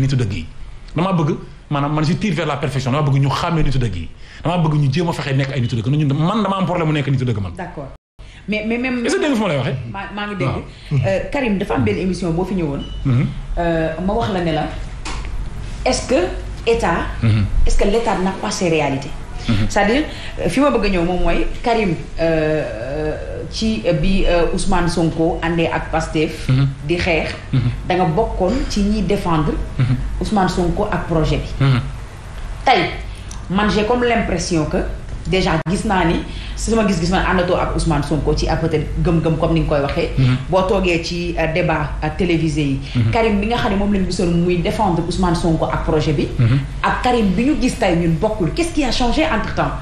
nitu dëgg yi damaa bëgg maanaam man je tire vers la perfection damaa bëgg ñu xàmmee nitu dëgg yi damaa bëgg ñu jéem a fexe nekk ay nitu dëgg ñun man damaa am problème mu nekk nitu dëgg man. d'accord mais mais même. est dégg fu ma lay waxee. maa maa ngi dégg. Euh, Karim dafa am benn émission boo fi ñëwoon. Mm-hmm. Euh, ma wax la ne la est-ce que état. Mm-hmm. est-ce que l'état n'a pas ses réalités. Mhm. c'est-à-dire fi ma bëgg ñëw moom mooy Karim euh, euh, ci bi euh, Ousmane Sonko àndee ak Pastef mhm. di xeex mhm. da bokkoon ci ñiy défendre Ousmane Sonko ak projet bi tey man comme l'impression que déjà gis naa ni sama gis-gis man àndatoo ak Ousmane Sonko ci peut-être gëm-gëm comme ni nga koy waxee. Mhm. boo toogee ci euh, débat euh, télévisé yi. Mhm. Karim bi nga xam ne moom lañ gisoon muy défendre Ousmane Sonko ak projet bi. Mhm. ak Karim bi ñu gis tey ñun bokkul qu'est-ce qui a changé entre temps.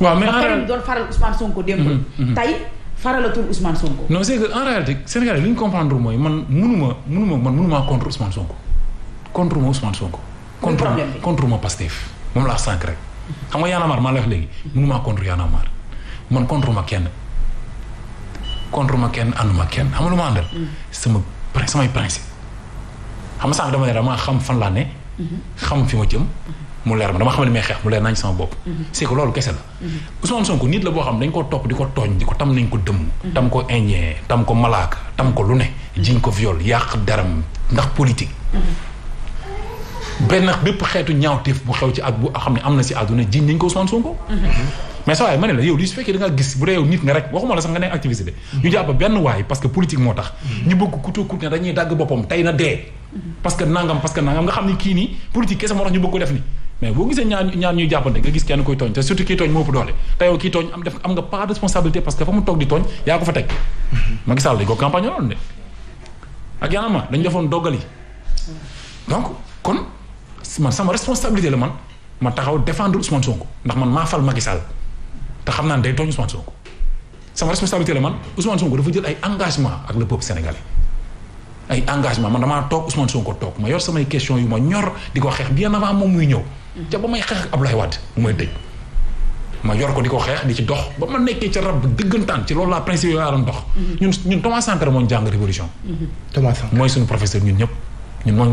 waaw mais Karim doon faral Ousmane Sonko démb. tey faralatul Ousmane Sonko. non c'est comprendre mooy man mënuma mënuma man mënuma contre Ousmane Sonko. contre ma Ousmane Sonko. contre ma contre ma Pastef moom laa a marre maa la wax a man contre ma kenn contre ma kenn ànduma kenn xam nga lu ma àndal. Mm. sama samay principe xam nga dama ne damaa xam fan laa ne. Mm-hmm. xam fi ma jëm. Mm-hmm. mu leer ma dama xam ne may xeex mu leer naa ci sama bopp. Mm-hmm. c'est loolu kese la. Ousmane Sonko nit la boo xam ne dañ koo topp di ko tooñ di ko tam nañ ko dëmm. tam ko indien tam ko malaaka tam ko lu ne. jiñ ko viol yàq daram ndax politique. benn bépp xeetu ñaawteef bu xew ci at bu xam ne am na si àdduna jiñ nañ ko Ousmane mais sa waay ma ne la yow li su fekkee da ngaa gis bu dee yow nit nga rek waxuma la sax nga nekk activiste de ñu jàpp benn waay parce que politique moo tax ñu bëgg ku tuut ne dañuy dagg boppam tey na dee parce que nangam parce que nangam nga xam ni kii nii politique kese moo tax ñu bëgg ko def ni mais boo gisee ñaar ñaar ñuy jàppante nga gis kenn koy tooñ te surtout kii tooñ moo ëpp doole te kii tooñ am def am nga pas de responsabilité parce que fa ko fa teg Macky a marre dañ defoon doggal yi donc kon man sama responsabilité la man ma taxaw défendre Ousmane Sonko ndax man maa fal Macky Sall te xam naa ne day tooñ Ousmane Sonko sama responsabilité la man Ousmane Sonko dafa jël ay engagement ak le peuple sénégalais ay engagement man damaa toog Ousmane Sonko toog ma yor samay question yu ma ñor di ko xeex bien avant moom muy ñëw ca ba may xeex ak Abdoulaye Wade mu may dëj ma yor ko di ko xeex di ci dox ba ma nekkee ca rab dëggantaan ci loolu laa principe yooyu laa doon dox mhm. ñun ñun Thomas Sankara moo ñu jàng révolution mhm. Thomas Sankara mooy suñu professeur ñun ñëpp ñun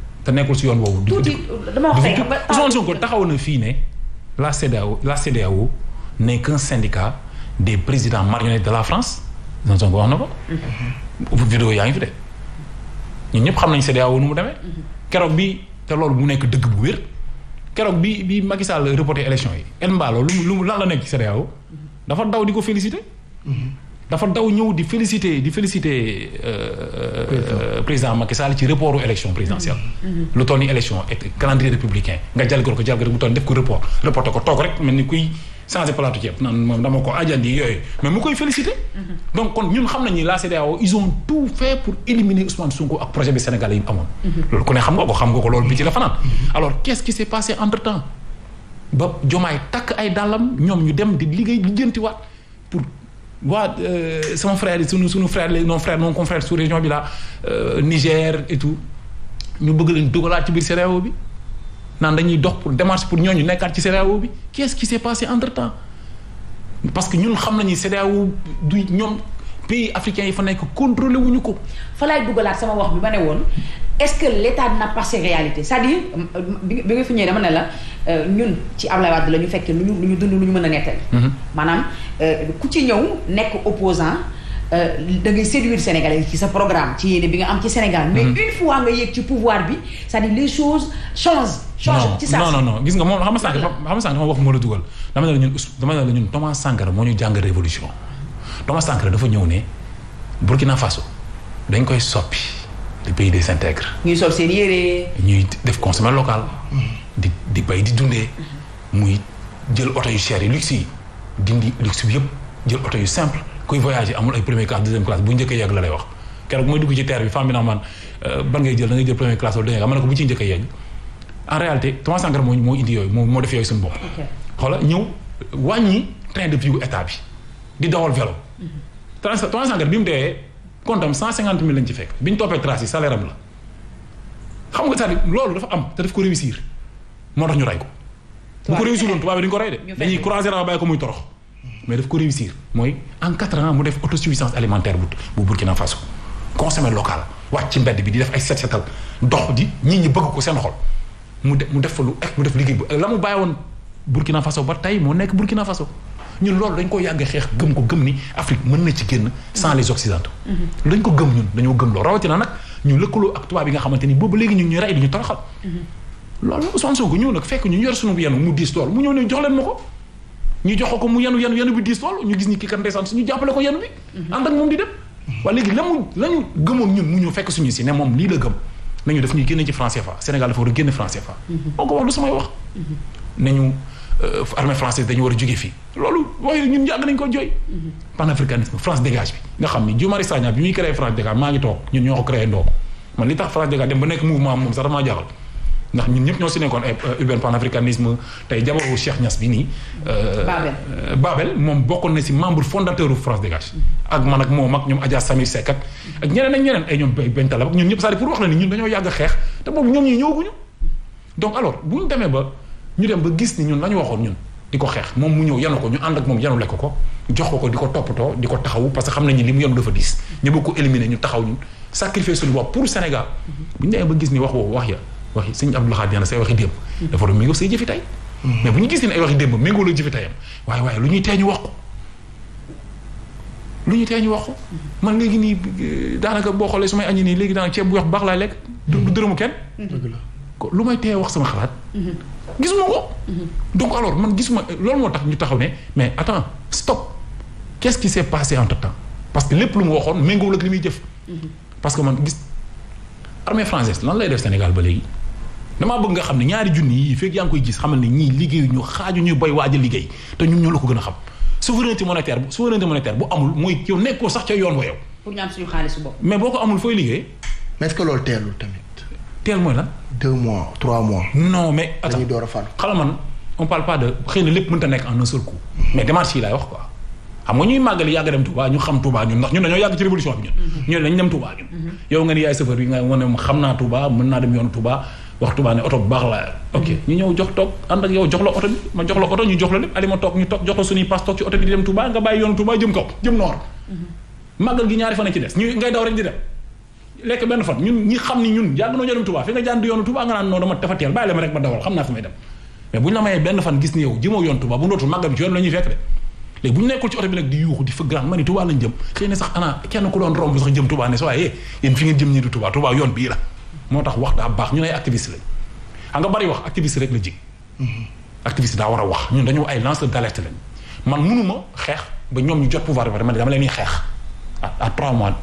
te nekkul si yoon woowu. tuuti dama wax tey Ousmane taxaw na fii ne la CEDEAO la CEDEAO nekk qu'un syndicat des présidents marionnettes de la France Ousmane Sonko wax na ko. vidéo yaa ngi fi de ñun ñëpp xam nañ CEDEAO nu mu demee. keroog bi te loolu mu nekk dëgg bu wér. keroog bi bi Macky Sall reporté élection yi El Mballo lu mu lan la nekk ci CEDEAO dafa daw di ko félicité. dafa daw ñëw di féliciter di féliciter euh, euh, président Macky Sall ci reportu élection présidentielle. Mm-hmm. Mm-hmm. lu toll ni élection calendrier républicain nga jalgal ko jalgal bu toll def ko report reporté ko toog rek mel ni kuy changer palaatu ceeb naan moom dama ko ajandi yooyu mais mu koy féliciter. Mm-hmm. donc kon ñun xam nañu la CEDEAO ils ont tout fait pour éliminer Ousmane Sonko ak projet bi sénégalais yi amoon. loolu ku ne xam nga ko xam nga ko loolu bi waa euh, sama frère yi sunu sunu frère la non frère non confrère sous région bi la euh, Niger et tout ñu bëgg leen dugalaat ci biir CEDEAO bi naan dañuy dox pour démarche pour ñooñu nekkaat ci CEDEAO bi qu'est-ce qui s'est passé entre temps parce que ñun xam nañu CEDEAO du ñoom pays africains yi fa nekk contrôlé wuñu ko. fa laay dugalaat sama wax bi ma ne woon est-ce que l'État n'a pas ses réalités c'est-à-dire euh, bi nga fi ñëwee dama ne la. Euh, ñun ci Ablaye Wade la ñu fekkee lu ñu lu lu ñu mën a nettali. Mhm. maanaam euh, ku ci ñëw nekk opposant euh, da ngay séduire Sénégalais ci sa programme ci yéene bi nga am ci Sénégal. Mhm. mais une fois nga yéeg bi cest les choses changent. changent ci saa non non nga moom xam nga sànq xam nga sànq dafa wax moo la dugal dama ne la ñun dama ne la ñun Thomas Sankara moo ñu jàng révolution Thomas Sankara dafa ñëw ne Burkina Faso dañ koy soppi le pays des intègres. ngi sol seen yére. ñuy def consommer local. Mm. di bay di dundee mhm. muy jël oto yu cher yi luxe yi dindi luxe bi yëpp jël oto yu simple kuy voyager amul ay première classe deuxième classe bu njëkkee yegg la lay wax keroog mooy dugg ci terre bi femme bi nag man euh, ban ngay jël da jël première classe wala deuxième ma ne ko bu ci njëkkee yegg en réalité trois cent grammes moo moo indi yooyu moo moo def yooyu suñu bopp xoola ñëw wàññi train de vie wu état bi di dawal vélo mhm. trois cent grammes bi mu deewee compte am cent cinquante mille lañ ci fekk bi ñu toppee trace yi salaire am la xam am te daf ko moo tax ñu rey ko. bu ko réussir woon tubaab yi dañu ko rey de. dañuy croiser rawa bàyyi ko muy torox. mais daf ko réussir mooy en quatre ans mu def autosuffisance alimentaire bu Burkina Faso. consommer local wàcc ci mbedd bi di def ay set setal dox di nit ñi bëgg ko seen xol mu def mu def fa lu mu def liggéey bu la mu bàyyi woon Burkina Faso ba tey moo nekk Burkina Faso. ñun loolu dañ ko yàgg xeex gëm ko gëm ni Afrique mën na ci génn sans les occidentaux mm-hmm. dañ ko gëm ñun dañoo loolu Ousmane Sonko ñëw nag fekk ñu yor sunu yenu mu diis tool mu ñëw ne jox leen ma ko ñu jox ko mu yenu yenu bi diis ñu gis ni kii kan ndeysaan suñu jàppale ko yenu bi ànd ak moom di dem ñu ñu fekk suñu si ne moom lii la gëm nañu def ñuy génn ci franc CFA Sénégal dafa war a génn franc CFA moo ko wax du samay wax nañu euh, armée française dañu war a jóge fii loolu waaye ñu yàgg nañ ko jooy panafricanisme France dégage bi nga xam ni Guy Marius Sagna bi muy créé France dégage maa ngi toog ñu ñoo ko créé ndoo tax France dégage dem ba nekk mouvement moom ndax ñun ñëpp ñoo si nekkoon ay euh, urbain panafricanisme tey jabaru Cheikh Niass bi nii. Euh, euh, Babel moom bokkoon na si membre fondateur u France Dégage. ak man ak moom ak ñoom Adja Samir Seck ak ak ñeneen ak ñeneen ay ñoom benn talab ak ñun ñëpp c'est-à-dire pour wax la ni ñun dañoo yàgg xeex te boobu ñoom ñii ñëwaguñu. donc alors bu ñu demee ba ñu dem ba gis ni ñun la waxoon ñun di ko xeex moom mu ñëw yanu ko ñu ànd ak moom yanu lekk ko jox ko ko di ko toppatoo di ko taxaw parce que xam nañu li mu yanu dafa diis ñu bëgg ko éliminer ñu taxaw ñun sacrifier suñu bopp pour Sénégal bu ñu demee ba ni wax woowu wax ya waxi sëñ Abdou Lahad nee na say waxi démb dafa doon méngoo say jëfi tey mais bu ñu gis ne ay waxi démb méngoo la jëfi teyam waaye waaye lu ñuy tee ñu wax ko lu ñu tee ñu wax man léegi nii daanaka boo xoolee su may añi nii léegi daanaka ceeb bu weex bu baax laay lekk du dërëmu kenn lu may tee wax sama xalaat gis gisuma ko donc alors man gisuma loolu moo tax ñu taxaw ne mais attends stop qu'est-ce qui s'est passé entre temps parce que lépp lu mu waxoon méngoo ak li muy jëf mm-hmm. parce que man gis armée française lan lay def Sénégal ba léegi damaa bëgg nga xam ne ñaari junni yii fekk yaa ngi koy gis xamal ne ñii liggéeyu ñu xaaju ñuy bay waaj a liggéey te ñun ñoo la ko gën a xam souveraineté monétaire bu souveraineté monétaire bu amul mooy yow nekkoo sax ca yoon wa yow. pour ñu am suñu xaalisu bopp. mais boo ko amul fooy liggéey. mais est-ce que loolu teelul tamit. teel mooy lan. deux mois trois mois. non mais. dañuy door a falu xala man on parle pas de xëy na lépp mënta nekk en un seul coup. mais démarche yi laay wax quoi. xam nga ñuy màggali yàgg dem Touba ñu xam Touba ñun ndax ñun dañoo yàgg ci révolution bi ñun. Mm-hmm. ñun dañu dem Touba ñun. Mm-hmm. yow nga ni yaay safar bi nga xam naa Touba mën naa dem yoonu Touba wax tubaab ne oto bu baax laa ok ñu ñëw jox toog ànd ak yow jox la oto bi ma jox la oto ñu jox la lépp ali ma toog ñu toog jox la suñuy pass toog ci oto bi di dem Touba nga bàyyi mhm. a ci noo dama dafa bàyyi la ma rek ma dawal xam naa fi dem mais bu ñu la mayee benn fan gis ni yow jëmoo yoon Touba bu ndootul màggal bi ci yoon la ñuy fekk de léegi bu ñu nekkul ci oto bi nag di yuuxu di fëgg ma ni Touba lañ jëm xëy sax ana kenn ku doon romb sax jëm Touba ne sa waaye eh, yéen fi ngeen jëm ñii du moo tax wax daa baax ñun ay activiste lañ xam nga bari wax activiste rek la jig mm-hmm. activiste daa war a wax ñun dañoo ay lanceur d'alerte lañ man mënuma xeex ba ñoom ñu jot pouvoir bi man dama leen di xeex à trois mois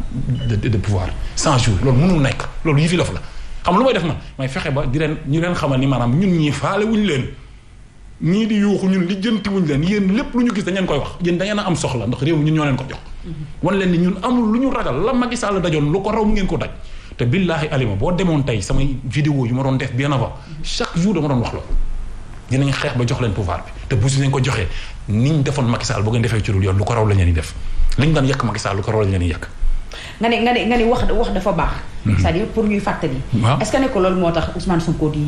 de de pouvoir cent jours loolu mënul nekk loolu yi fi lof la xam lu may def man may fexe ba di leen ñu leen xamal ni maanaam ñun ñii faale wuñ leen ñii di yuuxu ñun lijjanti wuñ leen yéen lépp lu ñu gis dañ leen koy wax yéen da ngeen am soxla ndax réew mi ñun ñoo leen mm-hmm. leen ni ñun amul lu ñu ragal la Macky Sall dajoon lu ko raw mu ngeen ko daj te billaahi alima boo demoon tey samay vidéo yu ma doon def bien avant chaque jour dama doon wax loolu dinañ xeex ba jox leen pouvoir bi te bu su leen ko joxee niñ defoon Macky Sall ngeen defee ci loolu yoon lu ko raw la def liñ daan yàq Macky Sall lu ko raw la ñuy nga ne nga ne nga ne wax dafa baax. Mhm. cest à pour ñuy fàttali. waaw est ne ko loolu moo tax Ousmane Sonko di.